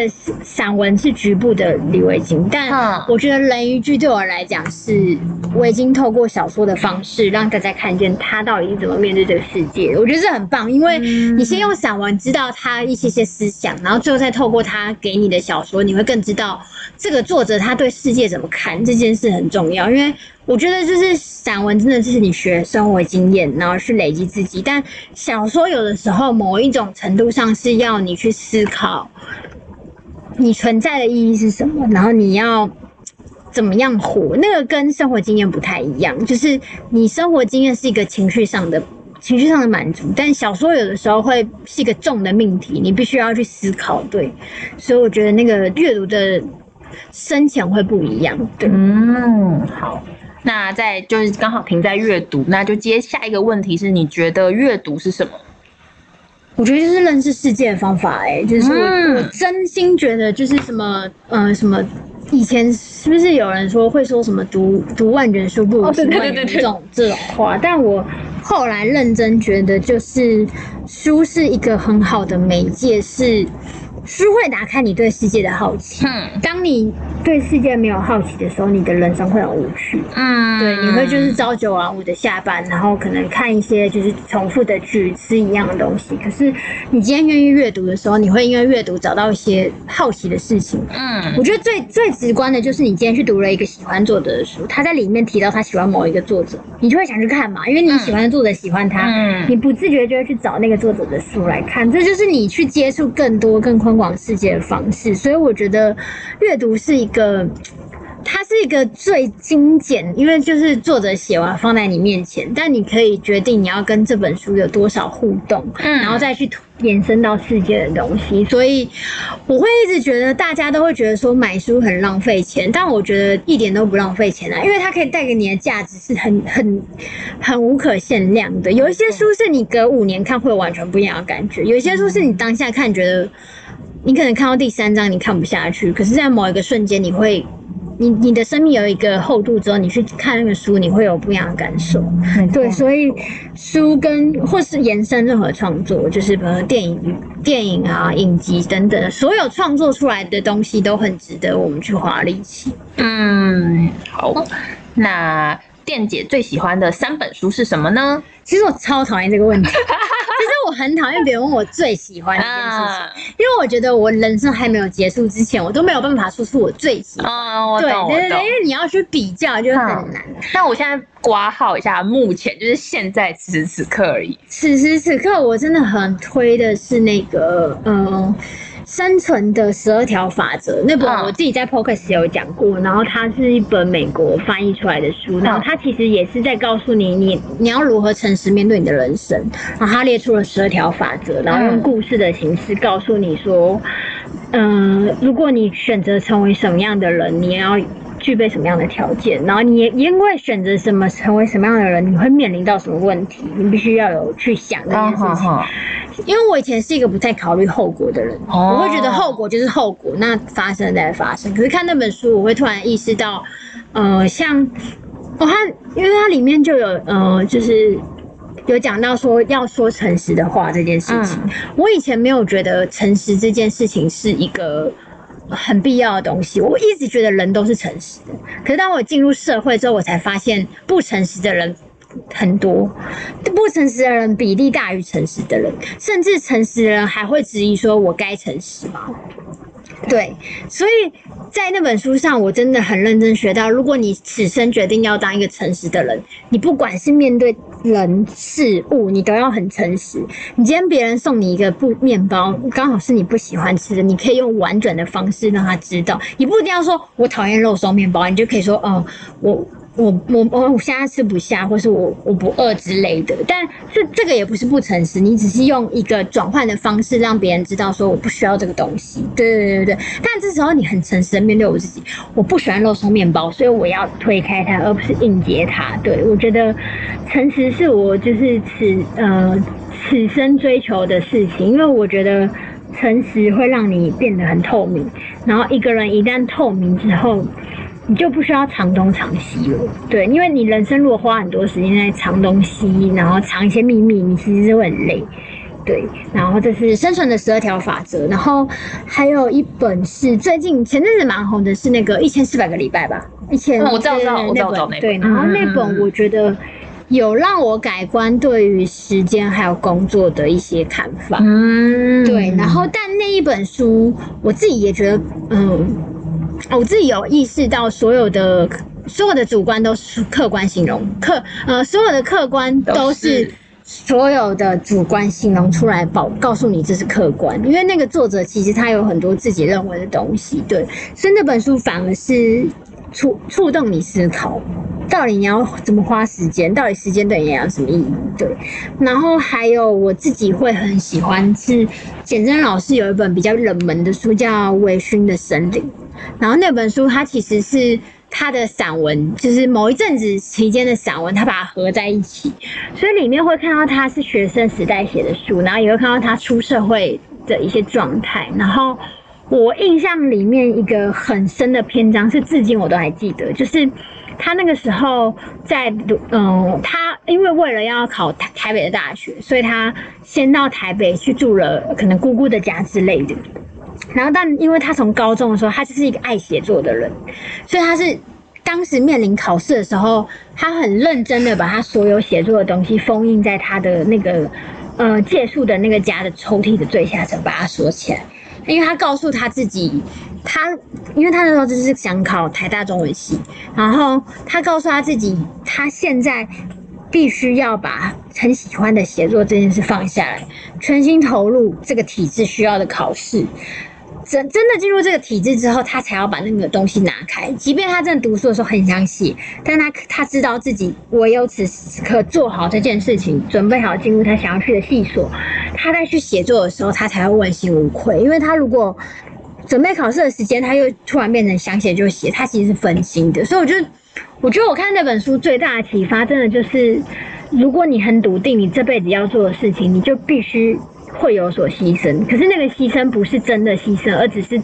散文是局部的李維菁，但我覺得《人魚紀》對我來講是我已經透過小說的方式讓大家看見他到底是怎麼面對這個世界。我覺得這很棒，因為你先用散文知道他一些些思想，然後最後再透過他給你的小說，你會更知道這個作者他對世界怎麼看。這件事很重要，因為。我覺得就是散文，真的就是你學生活經驗，然後去累積自己。但小說有的時候，某一種程度上是要你去思考，你存在的意義是什麼，然後你要怎麼樣活，那個跟生活經驗不太一樣。就是你生活經驗是一個情緒上的、情緒上的滿足，但小說有的時候會是一個重的命題，你必須要去思考。對，所以我覺得那個閱讀的深淺會不一樣。對，嗯，好。那在就是剛好停在閱讀，那就接下一個問題是你覺得閱讀是什麼？我覺得就是認識世界的方法哎、欸，就是我、嗯、我真心覺得就是什麼呃什麼，以前是不是有人說會說什麼讀讀萬卷書不如行萬里路這種這種話？ 但我後來認真覺得就是書是一個很好的媒介是。書會打開你對世界的好奇。嗯。當你對世界沒有好奇的時候，你的人生會很無趣。嗯。對，你會就是朝九晚五的下班，然後可能看一些就是重複的劇，吃一樣的東西。可是你今天願意閱讀的時候，你會因為閱讀找到一些好奇的事情。嗯。我覺得最最直觀的就是你今天去讀了一個喜歡作者的書，他在裡面提到他喜歡某一個作者，你就會想去看嘛，因為你喜歡作者喜歡他。嗯。你不自覺就會去找那個作者的書來看，這就是你去接觸更多、更寬。往世界的方式，所以我覺得閱讀是一個，它是一個最精簡，因為就是作者寫完放在你面前，但你可以決定你要跟這本書有多少互動，嗯，然後再去延伸到世界的東西。所以我會一直覺得大家都會覺得說買書很浪費錢，但我覺得一點都不浪費錢啊，因為它可以帶給你的價值是很很很無可限量的。有一些書是你隔五年看會完全不一樣的感覺，有一些書是你當下看覺得。你可能看到第三章，你看不下去。可是，在某一個瞬間，你會，你你的生命有一個厚度之後，你去看那個書，你會有不一樣的感受。Okay. 對，所以書跟或是延伸任何創作，就是比如電影、電影啊、影集等等，所有創作出來的東西都很值得我們去花力氣。嗯，好。那店姐最喜歡的三本書是什麼呢？其實我超討厭這個問題。 其實我很討厭別人問我最喜歡的一件事情，啊、因為我覺得我人生還沒有結束之前，我都沒有辦法說出，出我最喜歡。啊、對對對，我懂，因為你要去比較就很難。啊、那我現在括號一下，目前就是現在此時此刻而已。此時此，此刻，我真的很推的是那個，嗯。生存的十二條法則那本我自己在 Podcast 有講過，oh. 然後它是一本美國翻譯出來的書，oh. 然後它其實也是在告訴你，你你要如何誠實面對你的人生，然後它列出了十二條法則，然後用故事的形式告訴你說，嗯、oh. 呃，如果你選擇成為什麼樣的人，你要。具備什麼樣的條件？然後你也因為選擇什麼成為什麼樣的人，你會面臨到什麼問題？你必須要有去想這件事情。Oh, oh, oh. 因為我以前是一個不太考慮後果的人，oh. 我會覺得後果就是後果，那發生再發生。可是看那本書，我會突然意識到，呃，像哦，它因為它裡面就有呃，就是有講到說要說誠實的話這件事情。嗯。我以前沒有覺得誠實這件事情是一個。很必要的東西，我一直覺得人都是誠實的。可是當我進入社會之後，我才發現不誠實的人很多，不誠實的人比例大於誠實的人，甚至誠實的人還會質疑說：“我該誠實嗎？”對，所以在那本書上，我真的很認真學到，如果你此生決定要當一個誠實的人，你不管是面對人事物，你都要很誠實。你今天別人送你一個不麵包，剛好是你不喜歡吃的，你可以用婉轉的方式讓他知道，你不一定要說“我討厭肉鬆麵包”，你就可以說：“哦，我。”我我我我現在吃不下，或是我我不餓之類的，但這這個也不是不誠實，你只是用一個轉換的方式讓別人知道說我不需要這個東西。對對對對。但這時候你很誠實的面對我自己，我不喜歡肉鬆面包，所以我要推開它，而不是應接它。對，我覺得誠實是我就是此呃此生追求的事情，因為我覺得誠實會讓你變得很透明，然後一個人一旦透明之後。你就不需要藏東藏西了，對，因為你人生如果花很多時間在藏東西，然後藏一些秘密，你其實就會很累，對。然後這是生存的十二條法則，然後還有一本是最近前陣子蠻紅的是那個一千四百個禮拜吧，一千。我找找，我找找那本。對，然後那本我覺得有讓我改觀對於時間還有工作的一些看法，嗯，對。然後但那一本書我自己也覺得，嗯。我自己有意識到，所有的所有的主觀都是客觀形容客，呃，所有的客觀都是所有的主觀形容出來報，報告訴你這是客觀，因為那個作者其實他有很多自己認為的東西，對，所以那本書反而是。觸觸動你思考，到底你要怎麼花時間？到底時間對你而言有什麼意義？對，然後還有我自己會很喜歡是簡媜老師有一本比較冷門的書叫《微醺的森林》，然後那本書它其實是他的散文，就是某一陣子期間的散文，他把它合在一起，所以裡面會看到他是學生時代寫的書，然後也會看到他出社會的一些狀態，然後。我印象裡面一個很深的篇章是，至今我都還記得，就是他那個時候在讀，嗯、呃，他因為為了要考台台北的大學，所以他先到台北去住了，可能姑姑的家之類的。然後，但因為他從高中的時候，他就是一個愛寫作的人，所以他是當時面臨考試的時候，他很認真的把他所有寫作的東西封印在他的那個呃借宿的那個家的抽屜的最下層，把它鎖起來。因為他告訴他自己，他因為他那時候就是想考台大中文系，然後他告訴他自己，他現在必須要把很喜歡的寫作這件事放下來，全心投入這個體制需要的考試。真真的進入這個體制之後，他才要把那個東西拿開。即便他在讀書的時候很想寫，但他他知道自己，唯有此時此刻做好這件事情，準備好進入他想要去的系所。他在去寫作的時候，他才會問心無愧。因為他如果準備考試的時間，他又突然變成想寫就寫，他其實是分心的。所以我覺得，我覺得我看那本書最大的啟發，真的就是，如果你很篤定你這輩子要做的事情，你就必須。會有所犧牲，可是那個犧牲不是真的犧牲，而只是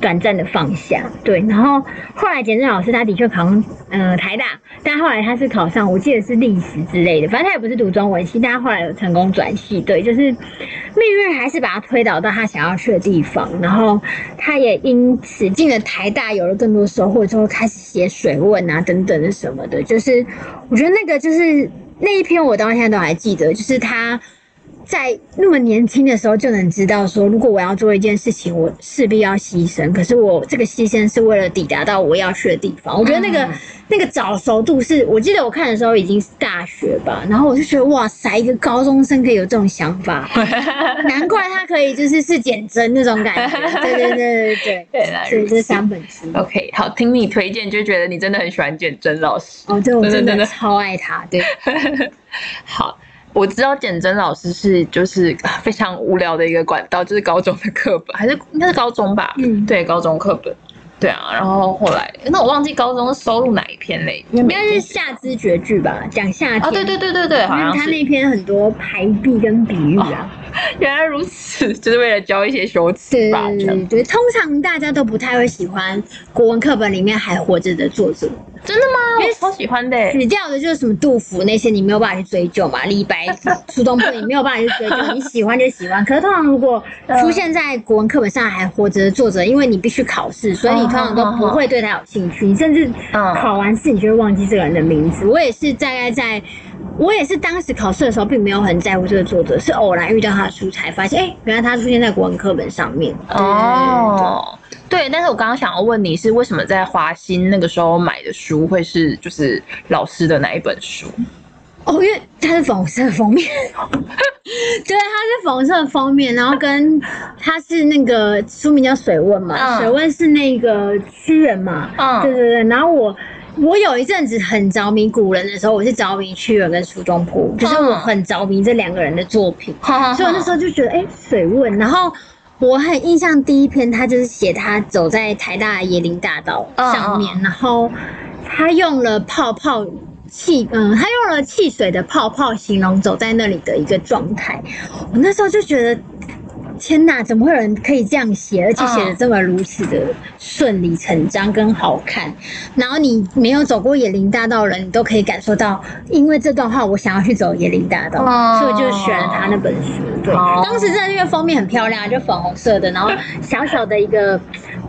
短暫的放下。對，然後後來簡媜老師，他的確考上，嗯、呃，台大，但後來他是考上，我記得是歷史之類的，反正他也不是讀中文系，但後來有成功轉系，對，就是命運還是把他推倒到他想要去的地方，然後他也因此進了台大，有了更多收穫，之後開始寫水問啊等等的什麼的，就是我覺得那個就是那一篇，我到現在都還記得，就是他。在那麼年輕的時候就能知道說，如果我要做一件事情，我勢必要犧牲。可是我這個犧牲是為了抵達到我要去的地方。我覺得那個、嗯、那個早熟度是，我記得我看的時候已經是大學吧。然後我就覺得哇塞，一個高中生可以有這種想法， 難怪他可以就是是簡媜那種感覺。對對對對，對對，所以這三本書。OK，好，聽你推薦就覺得你真的很喜歡簡媜老師。哦，對，對對對，我真的超愛他。對， 好。我知道簡媜老師是就是非常無聊的一個管道，就是高中的課本，還是應該是高中吧？嗯，對，高中課本，對啊。然後後來，那我忘記高中收錄哪一篇嘞？應該是夏之絕句吧，講夏天對、哦、對對對對，因為他那篇很多排比跟比喻啊、哦。原來如此，就是為了教一些修辭吧？對對對，通常大家都不太會喜歡國文課本裡面還活着的作者。真的嗎？我超喜歡的、欸。死掉的就是什麼杜甫那些，你沒有辦法去追究嘛。李白、蘇東坡，你沒有辦法去追究。 你喜歡就喜歡，可是通常如果、呃、出現在國文課本上還活着的作者，因為你必須考試，所以你通常都不會對他有興趣。Oh, oh, oh, oh. 你甚至考完試，你就會忘記這個人的名字。我也是大概在，我也是當時考試的時候，並沒有很在乎這個作者，是偶然遇到他的書才發現，哎、欸，原來他出現在國文課本上面。哦。Oh. 對對，但是我剛剛想要問你是為什麼在華新那個時候買的書會是就是老師的那一本書？哦，因為它是粉紅色的封面。 對，它是粉紅色的封面，然後跟它是那個書名叫《水問》嘛，嗯，《水問》是那個屈原嘛。嗯，對對對。然後我我有一陣子很着迷古人的時候，我是着迷屈原跟蘇東坡，可、嗯、是我很着迷這兩個人的作品，好好好，所以我那時候就覺得，哎、欸，《水問》，然後。我很印象第一篇，他就是寫他走在台大椰林大道上面，然後他用了泡泡氣，嗯，他用了汽水的泡泡形容走在那裡的一個狀態。我那時候就覺得。天哪，怎麼會有人可以這樣寫，而且寫的這麼如此的順理成章跟好看？Oh. 然後你沒有走過椰林大道的人你都可以感受到，因為這段話，我想要去走椰林大道，oh. 所以我就選了他那本書。對，oh. 當時真的因為封面很漂亮，就粉紅色的，然後小小的一個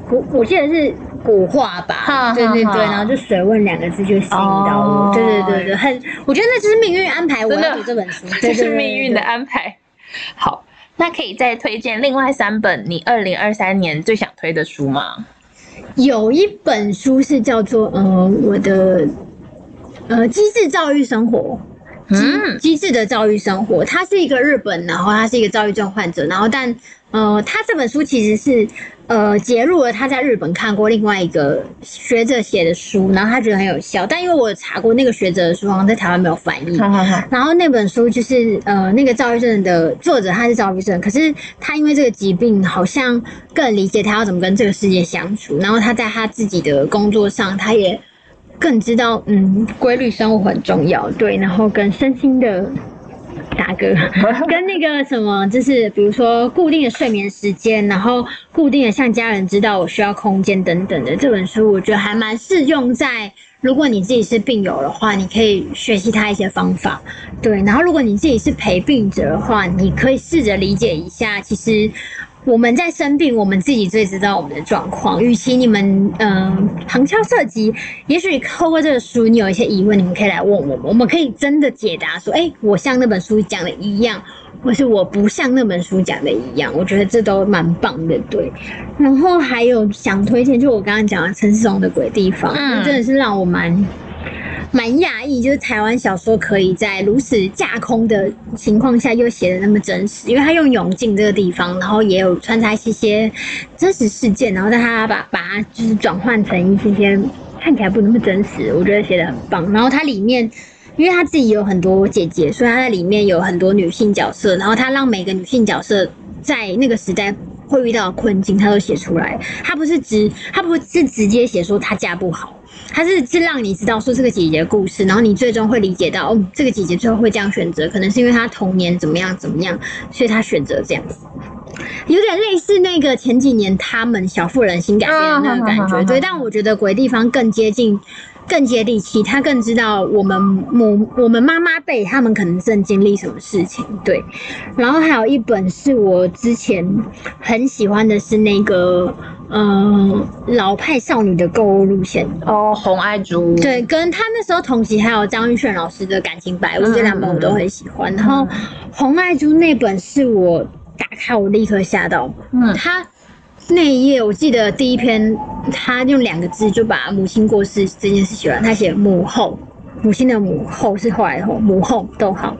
古， 我記得是古畫吧？ 對對對，然後就“水問”兩個字就吸引到我。Oh. 然後對對對，對很，我覺得那就是命運安排我讀這本書，這是命運的安排。好。那可以再推薦另外三本你二零二三年最想推的書嗎？有一本書是叫做《呃我的呃機智教育生活》。嗯，機智的躁鬱生活，他是一個日本，然後他是一個躁鬱症患者，然後但呃，他這本書其實是呃，截入了他在日本看過另外一個學者寫的書，然後他覺得很有效。但因為我有查過那個學者的書，好像在台灣沒有翻譯。好好好。然後那本書就是呃，那個躁鬱症的作者他是躁鬱症，可是他因為這個疾病，好像更理解他要怎麼跟這個世界相處。然後他在他自己的工作上，他也。更知道，嗯，規律生活很重要，對。然後跟身心的大哥，跟那個什麼，就是比如說固定的睡眠時間，然後固定的向家人知道我需要空間等等的。這本書，我覺得還蠻適用在，如果你自己是病友的話，你可以學習他一些方法，對。然後如果你自己是陪病者的話，你可以試着理解一下，其實。我們在生病，我們自己最知道我們的狀況。與其你們嗯，旁敲側擊，也許你看過這個書，你有一些疑問，你們可以來問我們，我們可以真的解答說，哎，我像那本書講的一樣，或是我不像那本書講的一樣，我覺得這都蠻棒的，對。然後還有想推薦，就我剛剛講的陳思宏的《鬼地方》，嗯，真的是讓我蠻。蠻訝異，就是台灣小說可以在如此架空的情況下，又寫的那麼真實，因為他用永靖這個地方，然後也有穿插一些些真實事件，然後但他把把它就是轉換成一些些看起來不那麼真實，我覺得寫的很棒。然後他裡面，因為他自己有很多姐姐，所以他在裡面有很多女性角色，然後他讓每個女性角色在那個時代會遇到的困境，他都寫出來，他不是直，他不是直接寫說他嫁不好。它是是讓你知道說這個姐姐的故事，然後你最終會理解到，哦，這個姐姐最後會這樣選擇，可能是因為她童年怎麼樣怎麼樣，所以她選擇這樣子，有點類似那個前幾年他們《小婦人》新改編的那個感覺，哦、好好好對。但我覺得《鬼地方》更接近、更接地氣，他更知道我們母我們媽媽輩他們可能正經歷什麼事情，對。然後還有一本是我之前很喜歡的是那個。嗯，老派少女的購物路線哦，《洪愛珠》對，跟他那時候同期還有張亦絢老師的《感情百物》，這兩本我都很喜歡。嗯、然後，嗯《洪愛珠》那本是我打開我立刻嚇到，嗯，他那一頁我記得第一篇，他用兩個字就把母親過世這件事寫完。他寫“母後”，母親的，的“母後”是後來的“母後”，逗號。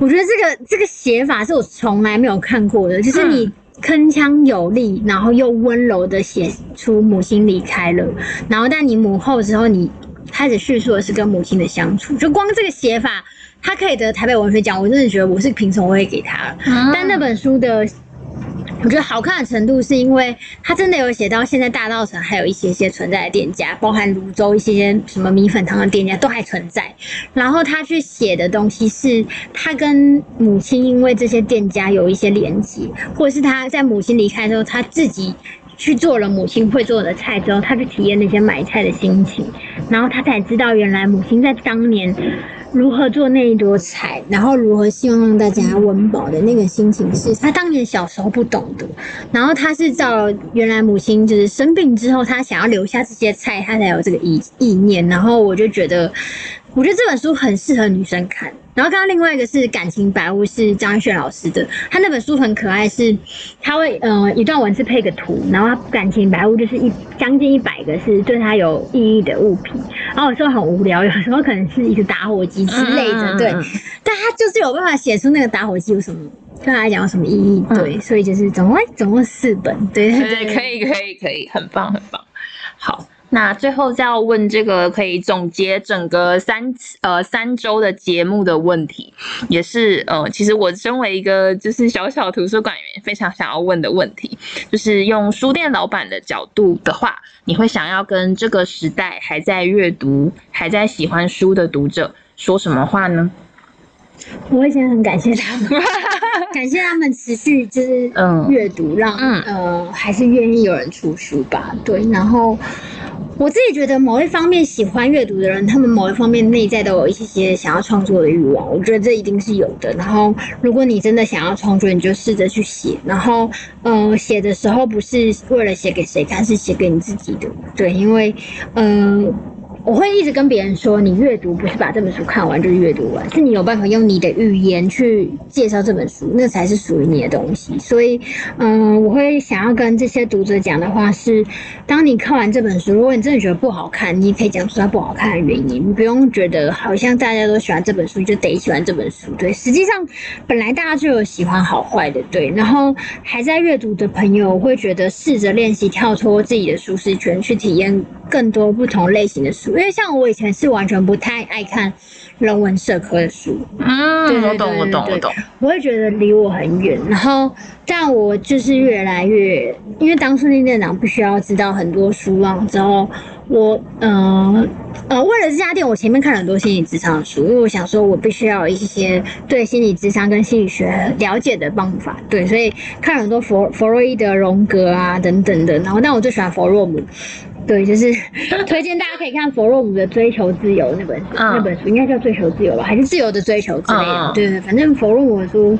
我覺得這個這個寫法是我從來沒有看過的，嗯、就是你。嗯鏗鏘有力，然後又溫柔的寫出母親離開了，然後在你母後之後你，你開始敘述的是跟母親的相處。就光這個寫法，他可以得台北文學獎，我真的覺得我是憑什麼會給他？啊、但那本書的。我覺得好看的程度是因為他真的有寫到現在大稻埕還有一些些存在的店家，包含蘆洲一些些什麼米粉湯的店家，都還存在。然後他去寫的東西是他跟母親，因為這些店家有一些聯繫，或者是他在母親離開之後，他自己去做了母親會做的菜之後，他去體驗那些買菜的心情，然後他才知道原來母親在當年。如何做那一桌菜，然後如何希望讓大家溫飽的那個心情，是他當年小時候不懂的。然後他是照原來母親就是生病之後，他想要留下這些菜，他才有這個意意念。然後我就覺得，我覺得這本書很適合女生看。然後剛剛另外一個是《感情百物》，是張亦絢老師的，他那本書很可愛是，是他會嗯、呃、一段文字配個圖，然後《感情百物》就是一將近一百個是對他有意義的物品。然後有時候很無聊，有時候可能是一個打火機之類的，嗯嗯嗯嗯對，但他就是有辦法寫出那個打火機有什麼對他來講有什麼意義，對，嗯、所以就是總共總共四本，對對，可以可以可以，很棒很棒，好。那最後再要問這個，可以總結整個三呃三週的節目的問題，也是呃，其實我身為一個就是小小圖書館員，非常想要問的問題，就是用書店老闆的角度的話，你會想要跟這個時代還在閱讀、還在喜歡書的讀者說什麼話呢？我以前很感謝他們， 感謝他們持續就是閱讀，讓呃還是願意有人出書吧。對，然後我自己覺得某一方面喜歡閱讀的人，他們某一方面內在都有一些想要創作的慾望。我覺得這一定是有的。然後如果你真的想要創作，你就試着去寫。然後呃，寫的時候不是為了寫給誰看，是寫給你自己的。對，因為嗯、呃。我會一直跟別人說，你閱讀不是把這本書看完就是閱讀完，是你有辦法用你的語言去介紹這本書，那才是屬於你的東西。所以，嗯，我會想要跟這些讀者講的話是：當你看完這本書，如果你真的覺得不好看，你也可以講出它不好看的原因，你不用覺得好像大家都喜歡這本書就得喜歡這本書。對，實際上本來大家就有喜歡好壞的，對。然後還在閱讀的朋友會覺得試着練習跳脫自己的舒適圈，去體驗更多不同類型的書。因為像我以前是完全不太愛看人文社科的書，對，對對對對對，嗯，我懂我懂我懂，我，懂我會覺得離我很遠。然後，但我就是越來越，嗯、因為當初那店長，必須要知道很多書、啊。然後，我，嗯、呃，呃，為了這家店，我前面看了很多心理諮商的書，因為我想說，我必須要有一些對心理諮商跟心理學了解的方法。對，所以看了很多弗弗洛伊德、榮格啊等等的。然後，但我最喜歡弗洛姆。對，就是推薦大家可以看佛洛姆的《追求自由》那本 那本書，應該叫《追求自由》吧，uh, 還是《自由的追求》之類的。對、uh, uh. 對，反正佛洛姆的書，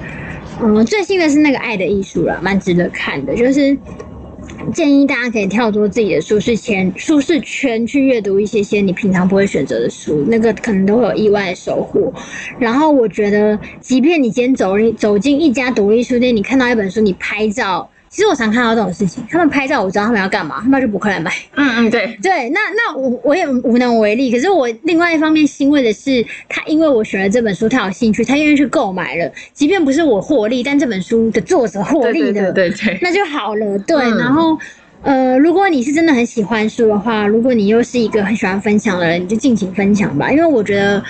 嗯，最新的是那個《愛的藝術》了，蠻值得看的。就是建議大家可以跳出自己的舒適圈，舒適圈去閱讀一些些你平常不會選擇的書，那個可能都會有意外收穫。然後我覺得，即便你今天走走進一家獨立書店，你看到一本書，你拍照。其實我常看到這種事情，他們拍照，我知道他們要幹嘛，他們就不會來買。嗯嗯，對對，那那我我也無能為力。可是我另外一方面欣慰的是，他因為我選了這本書，他有興趣，他願意去購買了，即便不是我獲利，但這本書的作者獲利了，對對對對，那就好了。對，然後、嗯、呃，如果你是真的很喜歡書的話，如果你又是一個很喜歡分享的人，你就盡情分享吧，因為我覺得。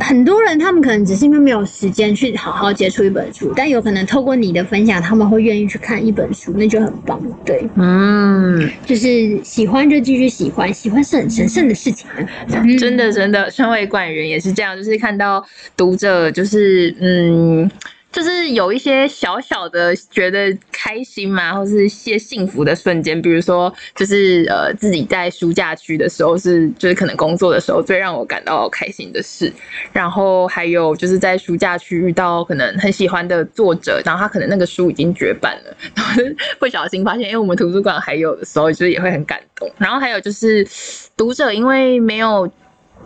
很多人他們可能只是因為沒有時間去好好接觸一本書，但有可能透過你的分享，他們會願意去看一本書，那就很棒。對，嗯，就是喜歡就繼續喜歡，喜歡是很神聖的事情。嗯，嗯，真的，真的，身為館員也是這樣，就是看到讀者，就是嗯。就是有一些小小的覺得開心嘛，或是一些幸福的瞬間，比如說，就是呃，自己在書架區的時候是，是就是可能工作的時候最讓我感到開心的事。然後還有就是在書架區遇到可能很喜歡的作者，然後他可能那個書已經絕版了，然後不小心發現，因、哎、為我們圖書館還有的時候，就是也會很感動。然後還有就是讀者，因為沒有。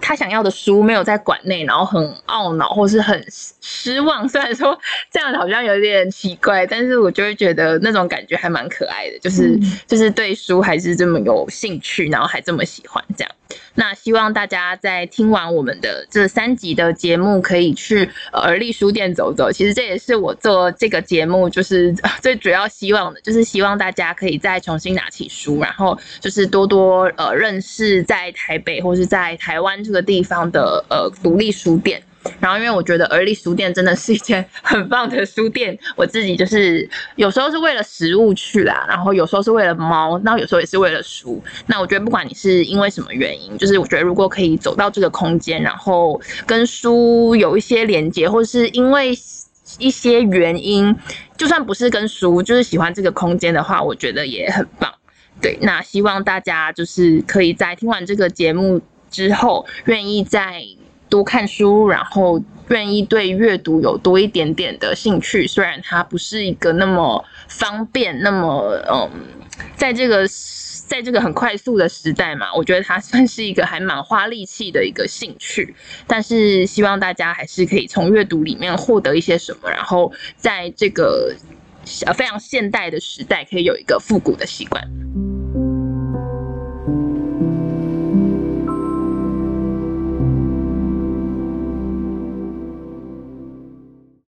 他想要的書沒有在館內，然後很懊惱，或是很失望。雖然說這樣好像有點奇怪，但是我就會覺得那種感覺還蠻可愛的，就是、嗯、就是對書還是這麼有興趣，然後還這麼喜歡這樣。那希望大家在聽完我們的這三集的節目，可以去而立書店走走。其實這也是我做這個節目就是最主要希望的，就是希望大家可以再重新拿起書，然後就是多多呃認識在台北或是在台灣這個地方的呃獨立書店。然後，因為我覺得而立書店真的是一間很棒的書店。我自己就是有時候是為了食物去啦，然後有時候是為了貓，那有時候也是為了書。那我覺得不管你是因為什麼原因，就是我覺得如果可以走到這個空間，然後跟書有一些連接，或者是因為一些原因，就算不是跟書，就是喜歡這個空間的話，我覺得也很棒。對，那希望大家就是可以在聽完這個節目之後，願意在。多看書，然後願意對閱讀有多一點點的興趣。雖然它不是一個那麼方便，那麼嗯，在這個在這個很快速的時代嘛，我覺得它算是一個還蠻花力氣的一個興趣。但是希望大家還是可以從閱讀裡面獲得一些什麼，然後在這個非常現代的時代，可以有一個復古的習慣。